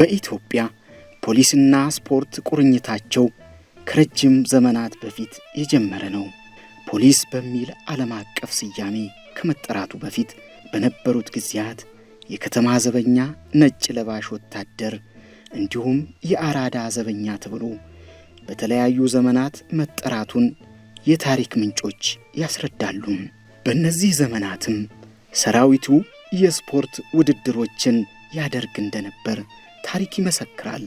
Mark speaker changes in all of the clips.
Speaker 1: በኢትዮጵያ ፖሊስና ስፖርት ቁርኝታቸው ከረጅም ዘመናት በፊት የጀመረ ነው። ፖሊስ በሚል ዓለም አቀፍ ስያሜ ከመጠራቱ በፊት በነበሩት ጊዜያት የከተማ ዘበኛ፣ ነጭ ለባሽ ወታደር እንዲሁም የአራዳ ዘበኛ ተብሎ በተለያዩ ዘመናት መጠራቱን የታሪክ ምንጮች ያስረዳሉ። በእነዚህ ዘመናትም ሰራዊቱ የስፖርት ውድድሮችን ያደርግ እንደነበር ታሪክ ይመሰክራል።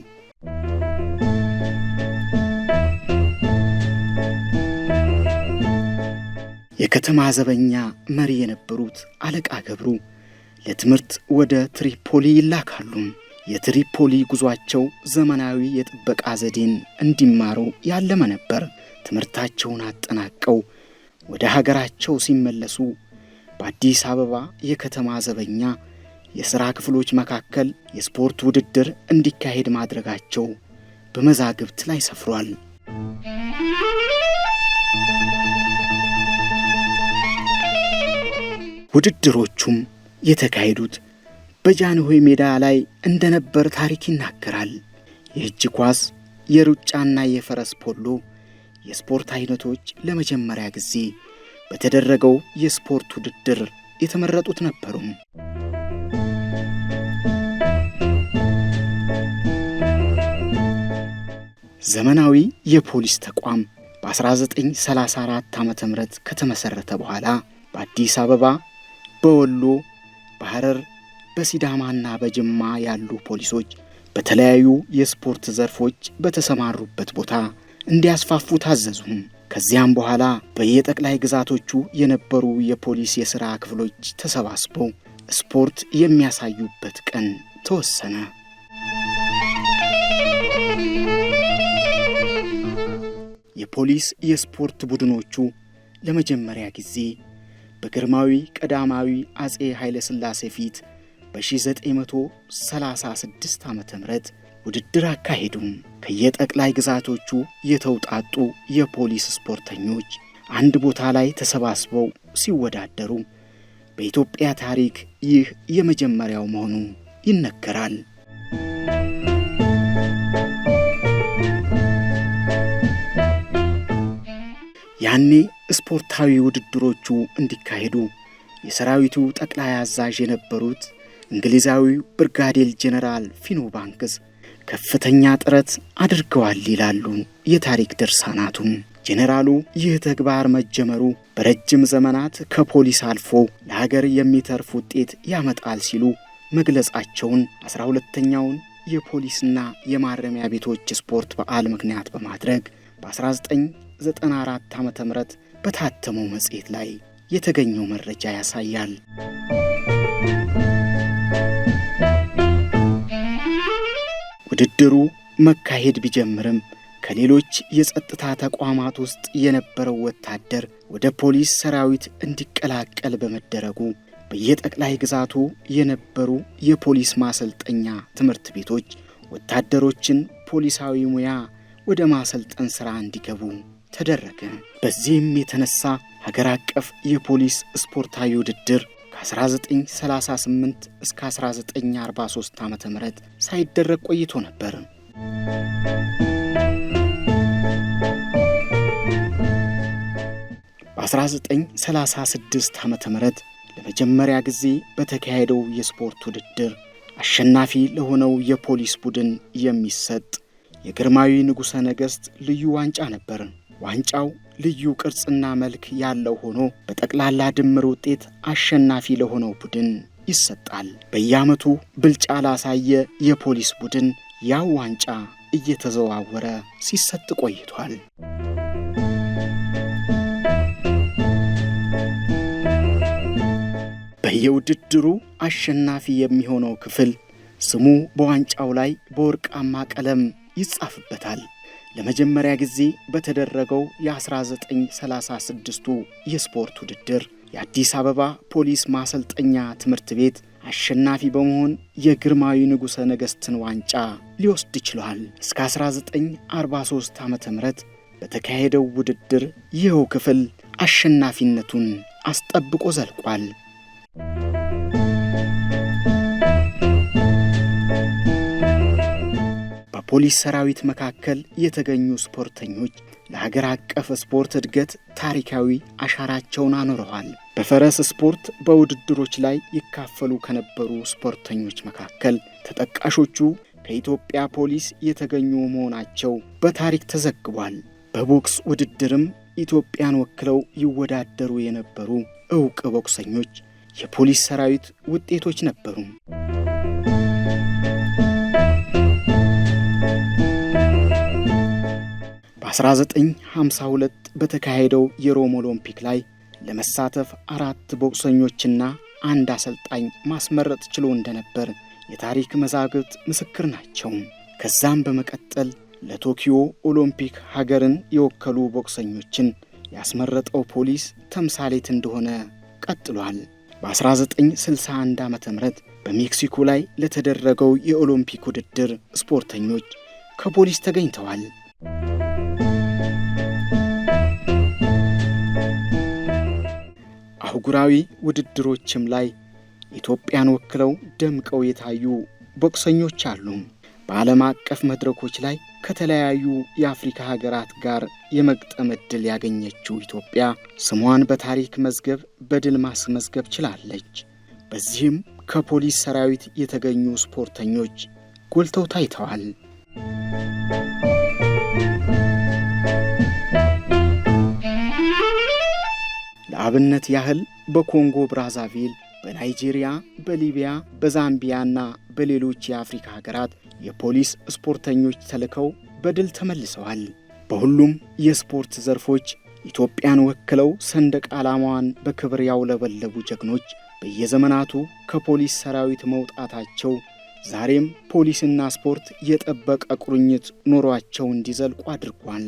Speaker 1: የከተማ ዘበኛ መሪ የነበሩት አለቃ ገብሩ ለትምህርት ወደ ትሪፖሊ ይላካሉ። የትሪፖሊ ጉዟቸው ዘመናዊ የጥበቃ ዘዴን እንዲማሩ ያለመ ነበር። ትምህርታቸውን አጠናቀው ወደ ሀገራቸው ሲመለሱ በአዲስ አበባ የከተማ ዘበኛ የሥራ ክፍሎች መካከል የስፖርት ውድድር እንዲካሄድ ማድረጋቸው በመዛግብት ላይ ሰፍሯል። ውድድሮቹም የተካሄዱት በጃንሆይ ሜዳ ላይ እንደነበር ታሪክ ይናገራል። የእጅ ኳስ፣ የሩጫና የፈረስ ፖሎ የስፖርት አይነቶች ለመጀመሪያ ጊዜ በተደረገው የስፖርት ውድድር የተመረጡት ነበሩም። ዘመናዊ የፖሊስ ተቋም በ1934 ዓ ም ከተመሠረተ በኋላ በአዲስ አበባ፣ በወሎ፣ በሐረር፣ በሲዳማና በጅማ ያሉ ፖሊሶች በተለያዩ የስፖርት ዘርፎች በተሰማሩበት ቦታ እንዲያስፋፉ ታዘዙም። ከዚያም በኋላ በየጠቅላይ ግዛቶቹ የነበሩ የፖሊስ የሥራ ክፍሎች ተሰባስበው ስፖርት የሚያሳዩበት ቀን ተወሰነ። የፖሊስ የስፖርት ቡድኖቹ ለመጀመሪያ ጊዜ በግርማዊ ቀዳማዊ አጼ ኃይለ ሥላሴ ፊት በ1936 ዓ ም ውድድር አካሄዱም። ከየጠቅላይ ግዛቶቹ የተውጣጡ የፖሊስ ስፖርተኞች አንድ ቦታ ላይ ተሰባስበው ሲወዳደሩ በኢትዮጵያ ታሪክ ይህ የመጀመሪያው መሆኑ ይነገራል። ያኔ ስፖርታዊ ውድድሮቹ እንዲካሄዱ የሰራዊቱ ጠቅላይ አዛዥ የነበሩት እንግሊዛዊው ብርጋዴር ጄኔራል ፊኖ ባንክስ ከፍተኛ ጥረት አድርገዋል ይላሉ የታሪክ ድርሳናቱም። ጄኔራሉ ይህ ተግባር መጀመሩ በረጅም ዘመናት ከፖሊስ አልፎ ለሀገር የሚተርፍ ውጤት ያመጣል ሲሉ መግለጻቸውን አስራ ሁለተኛውን የፖሊስና የማረሚያ ቤቶች ስፖርት በዓል ምክንያት በማድረግ በ19 94 ዓ ም በታተመው መጽሔት ላይ የተገኘው መረጃ ያሳያል። ውድድሩ መካሄድ ቢጀምርም ከሌሎች የጸጥታ ተቋማት ውስጥ የነበረው ወታደር ወደ ፖሊስ ሰራዊት እንዲቀላቀል በመደረጉ በየጠቅላይ ግዛቱ የነበሩ የፖሊስ ማሰልጠኛ ትምህርት ቤቶች ወታደሮችን ፖሊሳዊ ሙያ ወደ ማሰልጠን ሥራ እንዲገቡ ተደረገ። በዚህም የተነሳ ሀገር አቀፍ የፖሊስ ስፖርታዊ ውድድር ከ1938 እስከ 1943 ዓ ም ሳይደረግ ቆይቶ ነበር። በ1936 ዓ ም ለመጀመሪያ ጊዜ በተካሄደው የስፖርት ውድድር አሸናፊ ለሆነው የፖሊስ ቡድን የሚሰጥ የግርማዊ ንጉሠ ነገሥት ልዩ ዋንጫ ነበር። ዋንጫው ልዩ ቅርጽና መልክ ያለው ሆኖ በጠቅላላ ድምር ውጤት አሸናፊ ለሆነው ቡድን ይሰጣል። በየዓመቱ ብልጫ ላሳየ የፖሊስ ቡድን ያው ዋንጫ እየተዘዋወረ ሲሰጥ ቆይቷል። በየውድድሩ አሸናፊ የሚሆነው ክፍል ስሙ በዋንጫው ላይ በወርቃማ ቀለም ይጻፍበታል። ለመጀመሪያ ጊዜ በተደረገው የ1936ቱ የስፖርት ውድድር የአዲስ አበባ ፖሊስ ማሰልጠኛ ትምህርት ቤት አሸናፊ በመሆን የግርማዊ ንጉሠ ነገሥትን ዋንጫ ሊወስድ ችሏል። እስከ 1943 ዓ ም በተካሄደው ውድድር ይኸው ክፍል አሸናፊነቱን አስጠብቆ ዘልቋል። በፖሊስ ሰራዊት መካከል የተገኙ ስፖርተኞች ለሀገር አቀፍ ስፖርት እድገት ታሪካዊ አሻራቸውን አኖረዋል። በፈረስ ስፖርት በውድድሮች ላይ ይካፈሉ ከነበሩ ስፖርተኞች መካከል ተጠቃሾቹ ከኢትዮጵያ ፖሊስ የተገኙ መሆናቸው በታሪክ ተዘግቧል። በቦክስ ውድድርም ኢትዮጵያን ወክለው ይወዳደሩ የነበሩ እውቅ ቦክሰኞች የፖሊስ ሰራዊት ውጤቶች ነበሩ። 1952 በተካሄደው የሮም ኦሎምፒክ ላይ ለመሳተፍ አራት ቦክሰኞችና አንድ አሰልጣኝ ማስመረጥ ችሎ እንደነበር የታሪክ መዛግብት ምስክር ናቸው። ከዛም በመቀጠል ለቶኪዮ ኦሎምፒክ ሀገርን የወከሉ ቦክሰኞችን ያስመረጠው ፖሊስ ተምሳሌት እንደሆነ ቀጥሏል። በ1961 ዓ ም በሜክሲኮ ላይ ለተደረገው የኦሎምፒክ ውድድር ስፖርተኞች ከፖሊስ ተገኝተዋል። አህጉራዊ ውድድሮችም ላይ ኢትዮጵያን ወክለው ደምቀው የታዩ ቦክሰኞች አሉ። በዓለም አቀፍ መድረኮች ላይ ከተለያዩ የአፍሪካ ሀገራት ጋር የመግጠም ዕድል ያገኘችው ኢትዮጵያ ስሟን በታሪክ መዝገብ በድል ማስመዝገብ ችላለች። በዚህም ከፖሊስ ሰራዊት የተገኙ ስፖርተኞች ጎልተው ታይተዋል። ለአብነት ያህል በኮንጎ ብራዛቪል፣ በናይጄሪያ፣ በሊቢያ፣ በዛምቢያና በሌሎች የአፍሪካ ሀገራት የፖሊስ ስፖርተኞች ተልከው በድል ተመልሰዋል። በሁሉም የስፖርት ዘርፎች ኢትዮጵያን ወክለው ሰንደቅ ዓላማዋን በክብር ያውለበለቡ ጀግኖች በየዘመናቱ ከፖሊስ ሰራዊት መውጣታቸው ዛሬም ፖሊስና ስፖርት የጠበቀ ቁርኝት ኖሯቸው እንዲዘልቁ አድርጓል።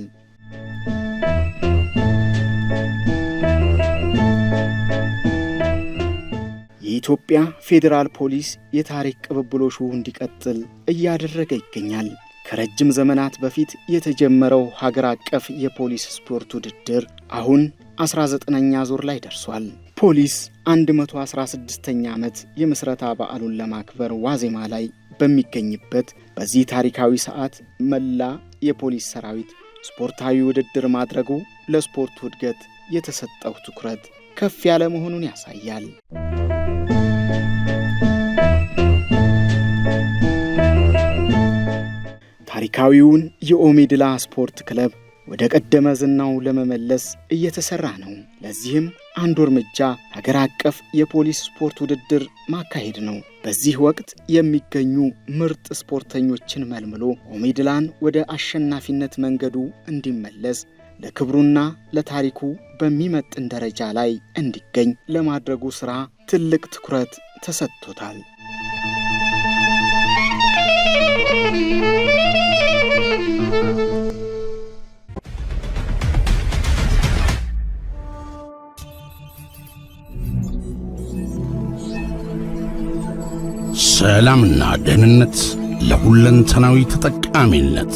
Speaker 1: የኢትዮጵያ ፌዴራል ፖሊስ የታሪክ ቅብብሎሹ እንዲቀጥል እያደረገ ይገኛል። ከረጅም ዘመናት በፊት የተጀመረው ሀገር አቀፍ የፖሊስ ስፖርት ውድድር አሁን 19ኛ ዙር ላይ ደርሷል። ፖሊስ 116ኛ ዓመት የምስረታ በዓሉን ለማክበር ዋዜማ ላይ በሚገኝበት በዚህ ታሪካዊ ሰዓት መላ የፖሊስ ሰራዊት ስፖርታዊ ውድድር ማድረጉ ለስፖርቱ እድገት የተሰጠው ትኩረት ከፍ ያለ መሆኑን ያሳያል። ታሪካዊውን የኦሜድላ ስፖርት ክለብ ወደ ቀደመ ዝናው ለመመለስ እየተሰራ ነው። ለዚህም አንዱ እርምጃ ሀገር አቀፍ የፖሊስ ስፖርት ውድድር ማካሄድ ነው። በዚህ ወቅት የሚገኙ ምርጥ ስፖርተኞችን መልምሎ ኦሜድላን ወደ አሸናፊነት መንገዱ እንዲመለስ ለክብሩና ለታሪኩ በሚመጥን ደረጃ ላይ እንዲገኝ ለማድረጉ ሥራ ትልቅ ትኩረት ተሰጥቶታል። ሰላምና ደህንነት ለሁለንተናዊ ተጠቃሚነት